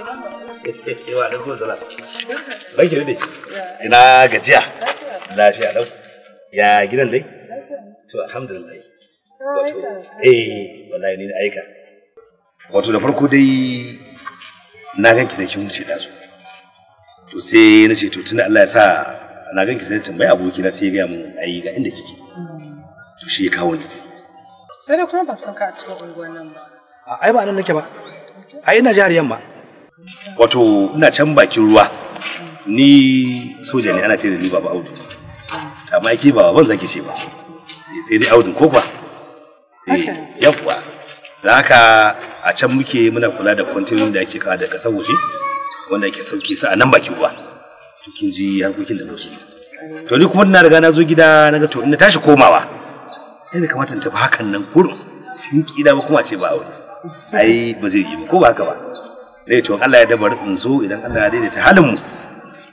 Wa alaikum salam. Ranki dai. Ina gajiya. Lafiya lau. Ya gidan dai? To alhamdulillah. Wato eh wallahi ni na aika. Wato da farko dai na ganki da kin wuce da su. To sai na ce to tunda Allah ya sa na ganki sai tambayi aboki na sai ya ga mun ai ga inda kike. To shi ya kawo ni. Sai da kuma ban san ka a cikin unguwan nan ba. Ai ba nan nake ba. Ai ina jihar yamma. wato ina can bakin ruwa ni soja ne ana ce da ni baba audu ma yake baba ban zaki ce ba eh, sai dai audun ko kuwa eh, yawwa da haka a can muke muna kula da kwantinin da ake kawo da kasar waje wanda ake sauke su a nan bakin ruwa kin ji harkokin da muke to ni kuma na riga na zo gida na ga to ina tashi komawa sai da kamata in tafi hakan nan kurum sun kida ba kuma ce ba aure ai ba zai yi ba ko ba haka ba ne eh, to Allah ya dabar in zo idan Allah ya daidaita halin mu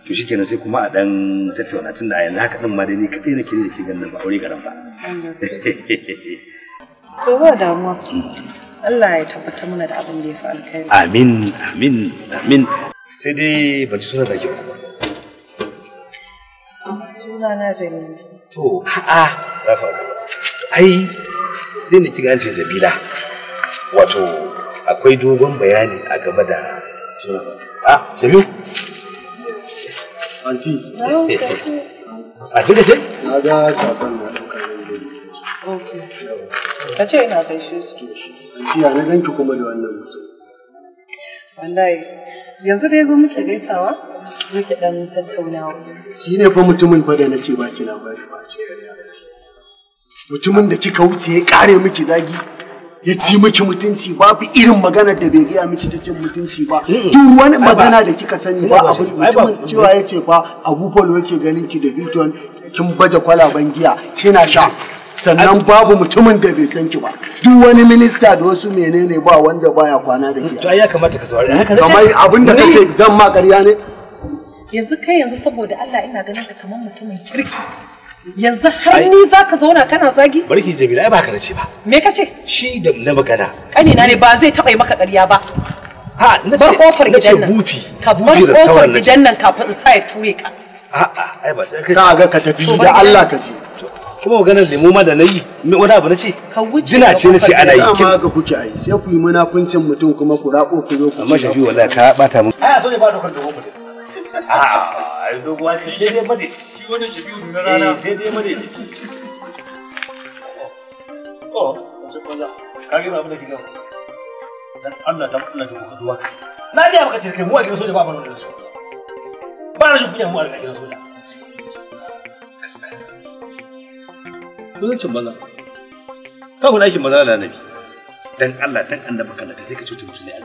to shikenan sai kuma a dan tattauna tunda a yanzu haka din ma dai ni kadai nake da ke ganin ba aure garan ba to ba damuwa Allah ya tabbata mana da abin da ya fi alkhairi amin amin amin sai dai ban ci sunan da ke ba suna na Jamila to a'a rafa ai dai ne kiga an ce Zabila wato akwai dogon bayani a game da suna a shafiu anti a tuka ce? na ga sakon na ɗaukar yin ka ce ina gaishe su anti ya na ganki kuma da wannan mutum wallahi yanzu dai zo muke gaisawa muke dan tattaunawa shi ne fa mutumin fa da nake baki labari ba ce mutumin da kika wuce ya kare miki zagi ya ci miki mutunci babu irin magana da bai gaya miki ta cin mutunci ba duk wani magana da kika sani ba abu mutumin cewa ya ce fa polo yake ganin ki da hilton kin baje kwalaban giya kina sha sannan babu mutumin da bai san ki ba duk wani minista da wasu menene ba wanda baya kwana da ke to ai ya kamata ka saurari kamar abin da kace zan ma ƙarya ne yanzu kai yanzu saboda Allah ina ganin ka kamar mutumin kirki yanzu har ni za ka zauna kana zagi? Barki Jamila ai ba ka ce ba. Me ka ce? Shi da na magana. Ƙanina ne ba zai taɓa maka ƙarya ba. Ha, na ce kofar gidan nan. bufi. Ka bar kofar gidan nan kafin in sa ya ture ka. A'a, ai ba sai ka ga ka tafi da Allah ka ji. Kuma ganin limu ma da na yi, wani abu na ce, jina ce na ce ana yi. Amma ga kuke ai, sai ku yi munafuncin mutum kuma ku raƙo ku zo ku ci. Amma shafi wallahi ka bata mun. Ai a so ne ba da kwanta ko a doguwa ne sai dai madaidaici shi wannan shafi'u na rana eh, sai dai madaidaici oh, oh wace banza ka gina abin da ke gama dan Allah dan Allah da kuka duwa na ga maka cirkai mu a gidan soja su dan Allah dan annabi sai ka cuta mutum ne a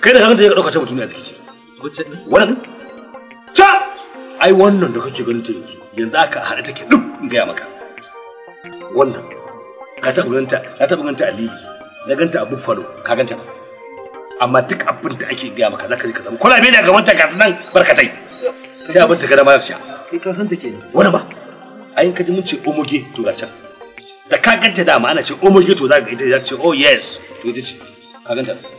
kai da kan da dauka ce mutum ne a wannan can ai wannan da kake ganin yanzu yanzu aka haɗe take duk in gaya maka wannan ka taɓa ganta ka taɓa ganta a lili na ganta a buffalo ka ganta amma duk abin da ake gaya maka zaka je ka samu kwalabe a gaban ta ga nan barkatai sai abin ta ga dama sha kai ka san ta kenan wannan ba ai ka ji mun ce omoge to ga can da ka ganta dama ana ce omoge to za ka ita za ce oh yes to ita ce ka ganta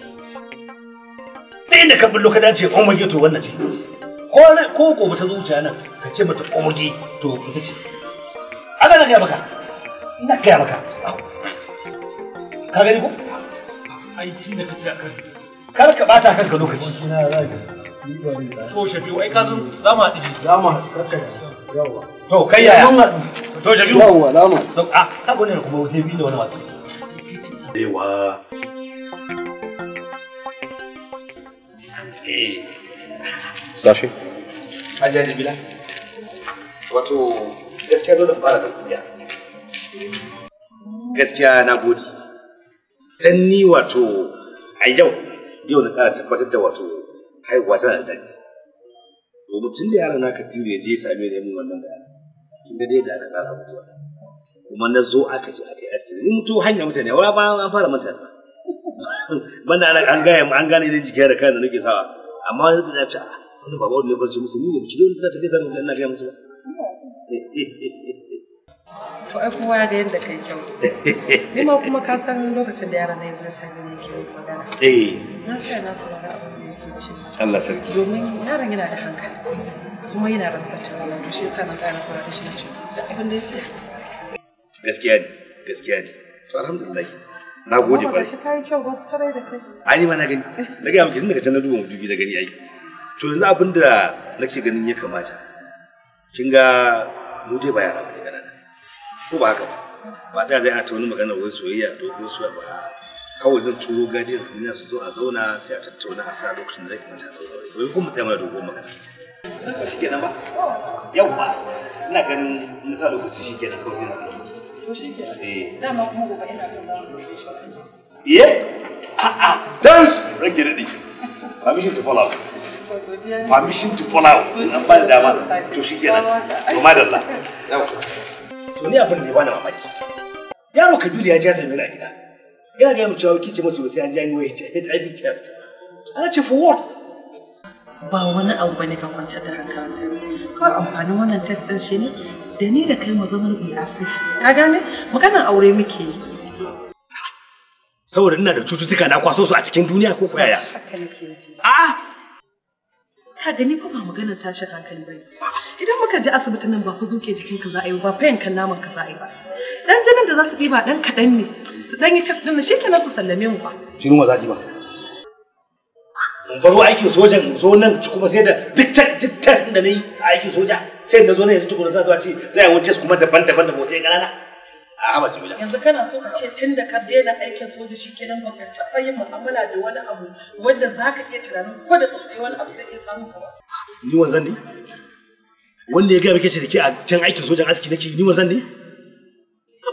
duk inda ka bullo ka dace omage oh to wannan ce ko ko gobe ta zuciya nan ka ce mata omage oh to ita ce ana na gaya maka na gaya maka ka gani ko ai tun da ka ce akan kar ka bata kanka lokaci za ka to shafi wai ka zan za mu haɗu za mu haɗu yawa to kai yaya to shafiu yawa za mu haɗu a ah, ka gane kuma sai bi da wani wata yawa eh sashi ajaji bila wato gaskiya dole fara da kuya gaskiya na gode dan ni wato a yau yau na kara tabbatar da wato haihuwa tana da daɗi domin tun da yaron naka biyu ya je ya same da mun wannan bayanan inda dai da aka tsara mutuwa kuma na zo aka ce aka yi aski ni mutu hanya mutane wa ba an fara mutane ba banda an gane an gane idan jikin da kayan da nake sawa amma wani zai dace a ah, wani baba wani lokacin musu ni ne biki zai wani ta gaisa musu ina gaya musu ba to ai kowa da yadda kai kyau ni ma kuma ka san lokacin da yara na yanzu sai ne ke magana eh na sai na saurara abin da yake ce Allah sarki domin yaron yana da hankali kuma yana rasfata wannan to shi yasa na tsaya na saurara shi na ce da abin da yake gaskiya ne gaskiya ne to alhamdulillah na gode ba shi kai kyau wasu tare da kai ai ma na gani na ga miki daga can na duba mutubi da gani ai to yanzu abin da nake ganin ya kamata kin ga mu dai ba yara bane kana ko ba haka ba ba ta zai a ta wani magana wai soyayya to ko soyayya ba kawai zan turo guardians din su zo a zauna sai a tattauna a sa lokacin da zai kamata a zauna wai kuma sai mana dogon magana shi kenan ba yawwa ina ganin na sa lokaci shi kenan kawai sai na zauna shi kenan eh dama kuma gobe ina son zauna Ye? A'a, dance rage daɗi. Permission to fall out. Permission to fall out. An ba da dama. To shi kenan. To madalla. To ni abin da ya bani mamaki. Yaro Kabiru ya ji ya same ni a gida. Yana gaya mu cewa kice masu sai an ji an yi HIV test. Ana ce for what? Ba wani abu bane ka kwantar da hankalinka. Kawai amfanin wannan test ɗin shi ne da ni da kai mu zama mu asiri. Ka gane? Maganar aure muke yi. saboda ina da cututtuka na kwaso su a cikin duniya ko kuwa yaya a ka gani ko ba magana tashin hankali bane idan muka je asibitin nan ba ku zuke jikin ka za a yi ba fayan kan naman ka za a yi ba dan jinin da za su ɗiba dan kaɗan ne su dan yi test din shikenan su sallame mu ba jinin wa za ɗiba in baro aikin sojan zo nan kuma sai da duk test din da na yi a aikin soja sai na zo nan yanzu tukuna za a ce zai yi wani test kuma daban-daban da ba sai ƙanana Ahmad Jamila. Yanzu kana so ka ce tun da ka daina aikin soja shi kenan ba ka taɓa yin mu'amala da wani abu wanda za ka iya tunanin ko da tsotsai wani abu zai iya samu ka ba. Ni wanzan ne? Wanda ya gaya muke ce da ke a can aikin sojan aski nake ni wanzan ne?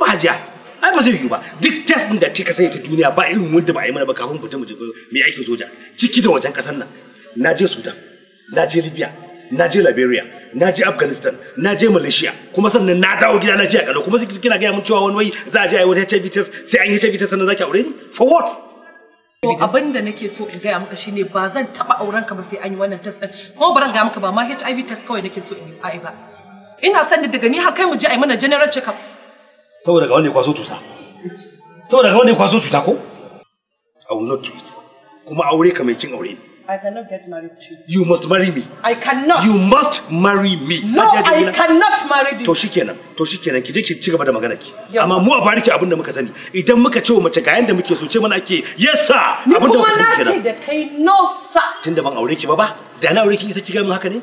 Ba hajiya. Ai ba zai yiwu ba. Duk test ɗin da kika sani ta duniya ba irin wanda ba a yi mana ba kafin fita mu mai aikin soja. Ciki da wajen ƙasar nan. Na je Sudan, na je Libya, na je Liberia, na je afghanistan na je malaysia kuma sannan na dawo gida lafiya kalau kuma kina gaya mun cewa wani wai za a je a yi wani hiv test sai an yi hiv test sannan zaki aure ni for what abin da nake so in gaya maka shine ba zan taba auren ka ba sai an yi wannan test din kuma baran gaya maka ba ma hiv test kawai nake so in yi fa'i ba ina son da daga ni har kai mu je a yi mana general check up saboda ga wanda ya kwaso cuta saboda ga wanda ya kwaso cuta ko i will not do it kuma aure ka mai kin aure ni. I cannot get married to you. You must marry me. I cannot. You must marry me. No, I cannot marry you. To kenan to kenan ki je ki ci gaba da magana ki. Amma mu a bari ki abin da muka sani. Idan muka ce mace ga yanda muke so ce mana ake yes sir. abinda da muka sani kenan. Ni kuma na ce da kai no sir. Tunda ban aure ki ba ba. Da na aure ki isa ki ga mun haka ne?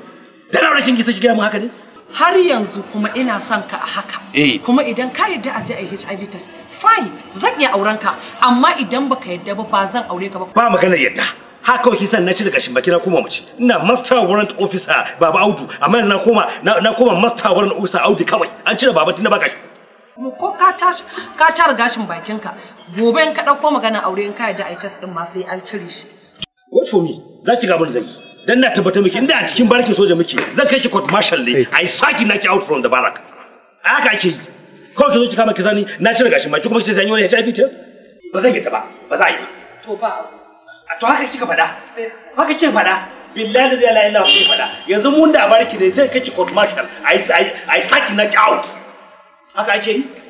Da na aure ki isa ki ga mun haka ne? har yanzu kuma ina son ka a haka eh. kuma idan ka yarda a je a HIV test fine zan iya auren ka amma idan baka yarda ba ba zan aure ka ba ba magana yarda haka kawai kisan na ci daga shin baki na koma mace ina master warrant officer baba audu amma yanzu na koma na koma master warrant officer audu kawai an cire baban tun da baka shi ko ka tashi ka tara gashin bakinka gobe in ka dauko magana aure in ka yadda ai test din ma sai an cire shi what for me zaki ga mun zai dan na tabbata miki inda a cikin barkin soja miki zan kai ki court martial ne ai saki naki out from the barrack haka ake yi ko ki zo ki kama kizani na cire gashin baki kuma ki ce sai an yi wani HIV test ba zan yi ta ba ba za a yi to ba to haka kika faɗa haka kika faɗa billahi zai la ilaha illallah faɗa yanzu mun da barki dai sai kake court martial ai ai saki knock out haka ake yi